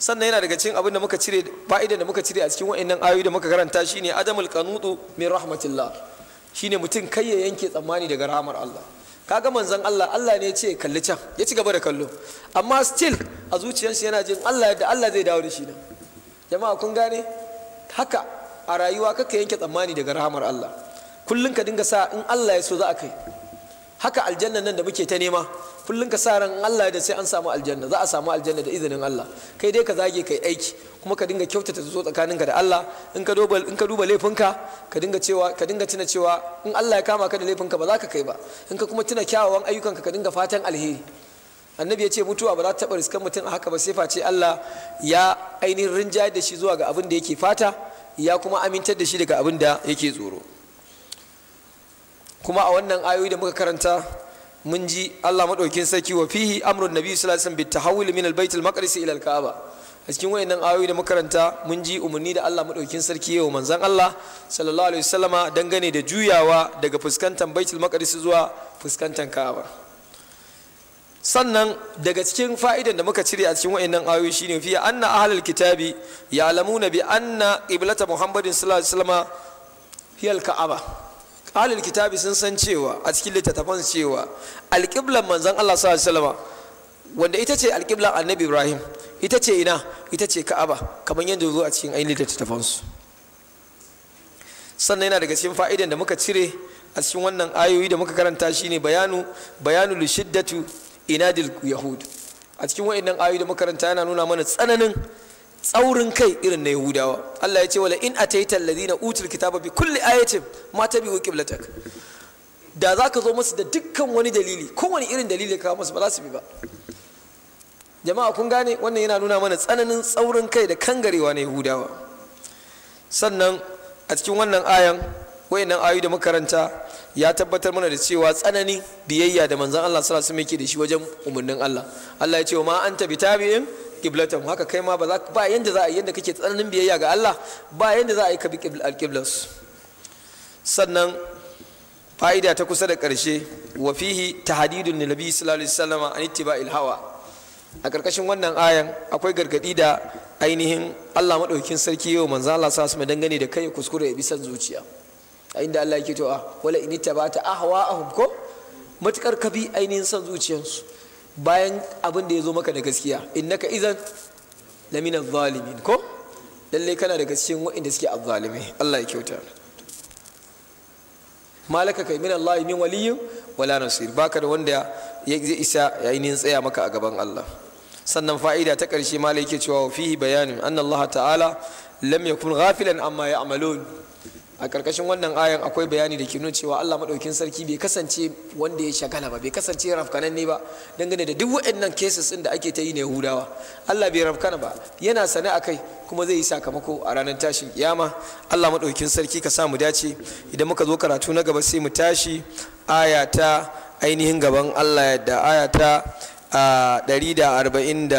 Speaker 1: sannan yana daga cikin abin da muka cire fa'idar da muka cire a cikin wa'annan ayoyi da muka karanta shine adamul qanutu min rahmatillah shine mutum kai ya yanke tsammani daga rahamar Allah ga manzon Allah Allah ne ya ce kalli can ya ci gaba da kallo amma still a zuciyarsa yana jin Allah da Allah zai dawo da shi nan jama'a kun gane haka a rayuwa kaka yanke tsammani daga rahamar Allah kullun ka dinga sa in Allah ya so za a kai haka aljanna nan da muke ta nema kullun ka sa ran Allah da sai an samu aljanna za a samu aljanna da izinin Allah kai dai ka zage kai aiki kuma ka dinga kyautata zo tsakaninka da Allah in ka duba in ka duba laifinka ka dinga cewa ka dinga tuna cewa in Allah ya kama ka da laifinka ba za ka kai ba in ka kuma tuna kyawawan ayyukanka ka dinga fatan alheri annabi ya ce mutuwa ba za ta taɓa riskan mutum a haka ba sai face Allah ya ainihin rinja da shi zuwa ga abin da yake fata ya kuma amintar da shi daga abin da yake tsoro kuma a wannan ayoyi da muka karanta mun ji Allah madaukin sarki wa fihi amrun nabi sallallahu alaihi wasallam bitahawul min albayt almaqdis ila alka'aba a cikin wayannan ayoyi da makaranta mun ji umarni da Allah madaukin sarki yau manzon Allah sallallahu alaihi wasallama dangane da juyawa daga fuskantar Baitul Maqdis zuwa fuskantar Ka'aba sannan daga cikin fa'idan da muka cire a cikin wayannan ayoyi shine fiye anna ahlul kitabi ya'lamuna bi anna qiblata Muhammadin sallallahu alaihi wasallama hiya al-Ka'aba ahlul kitabi sun san cewa a cikin littattafan cewa al alƙiblan manzon Allah sallallahu alaihi wasallama wanda ita ce al alƙiblan annabi Ibrahim ita ce ina ita ce ka'aba kamar yadda zo a cikin ainihin littattafansu sannan yana daga cikin fa'idan da muka cire a cikin wannan ayoyi da muka karanta shine bayanu bayanu lishiddatu inadil yahud a cikin wa'annan ayoyi da muka karanta yana nuna mana tsananin tsaurin kai irin na yahudawa Allah ya ce wala in ataita na utul kitaba bi kulle ayatin ma tabi'u qiblatak da zaka zo musu da dukkan wani dalili kowane irin dalili ka masu ba za su bi ba jama'a kun gane wannan yana nuna mana tsananin tsaurin kai da kangarewa na yahudawa sannan a cikin wannan ayan wayannan ayu da makaranta ya tabbatar mana da cewa tsananin biyayya da manzon Allah sallallahu alaihi wasallam yake da shi wajen umurnin Allah Allah ya ce ma anta bitabi'in qiblatan haka kai ma ba za ba yanda za a yanda kake tsananin biyayya ga Allah ba yanda za a yi ka bi qiblas sannan fa'ida ta kusa da ƙarshe wa fihi tahdidun nabi sallallahu alaihi wasallam an ittiba'il hawa a ƙarƙashin wannan ayan akwai gargaɗi da ainihin Allah maɗaukin sarki yau manzo Allah sa su dangane da kai kuskure ya bi san zuciya a inda Allah yake to a wala in a ahwa ko matukar bi ainihin san zuciyarsu bayan abin da ya zo maka da gaskiya innaka idan lamina zalimin ko lallai kana daga cikin waɗanda suke azzalimi Allah ya kyauta malaka kai min Allah min waliyyin wala nasir baka da wanda ya isa yayin tsaya maka a gaban Allah sannan fa'ida ta ƙarshe ma yake cewa fihi bayanin an Allah ta'ala lam yakun ghafilan amma ya'malun a ƙarƙashin wannan ayan akwai bayani da ke nuna cewa Allah maɗaukin sarki bai kasance wanda ya shagala ba bai kasance rafkanan ne ba dangane da duk waɗannan cases ɗin da ake ta yi na Yahudawa Allah bai rafkana ba yana sane kai kuma zai yi sakamako a ranar tashin kiyama Allah maɗaukin sarki ka sa mu dace idan muka zo karatu na gaba sai mu tashi aya ta ainihin gaban Allah yadda aya ta a 141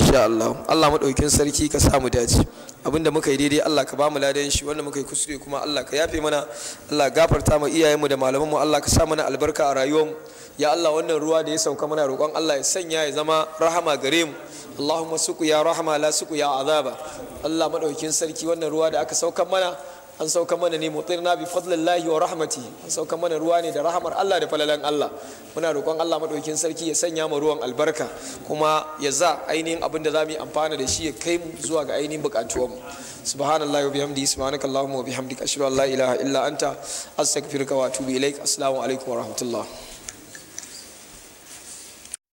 Speaker 1: insha Allah Allah maɗaukin sarki ka samu dace abinda muka yi daidai Allah ka bamu ladan shi wanda muka yi kuskure kuma Allah ka yafe mana Allah gafarta ma iyayenmu da malamanmu Allah ka sa mana albarka a rayuwar. ya Allah wannan ruwa da ya sauka mana roƙon Allah ya sanya ya zama rahama gare mu Allahumma suku ya rahama la suku ya azaba Allah madaukin sarki wannan ruwa da aka sauka mana an sauka mana ne mutirna bi fadlillahi wa rahmati an sauka mana ruwa ne da rahamar Allah da falalan Allah muna roƙon Allah madaukakin sarki ya sanya mu ruwan albarka kuma ya za ainihin abin da zamu yi amfana da shi ya kai mu zuwa ga ainihin bukatuwar mu subhanallahi wa bihamdihi subhanakallahumma wa bihamdika ashhadu an la ilaha illa anta astaghfiruka wa atubu ilaik assalamu alaikum wa rahmatullah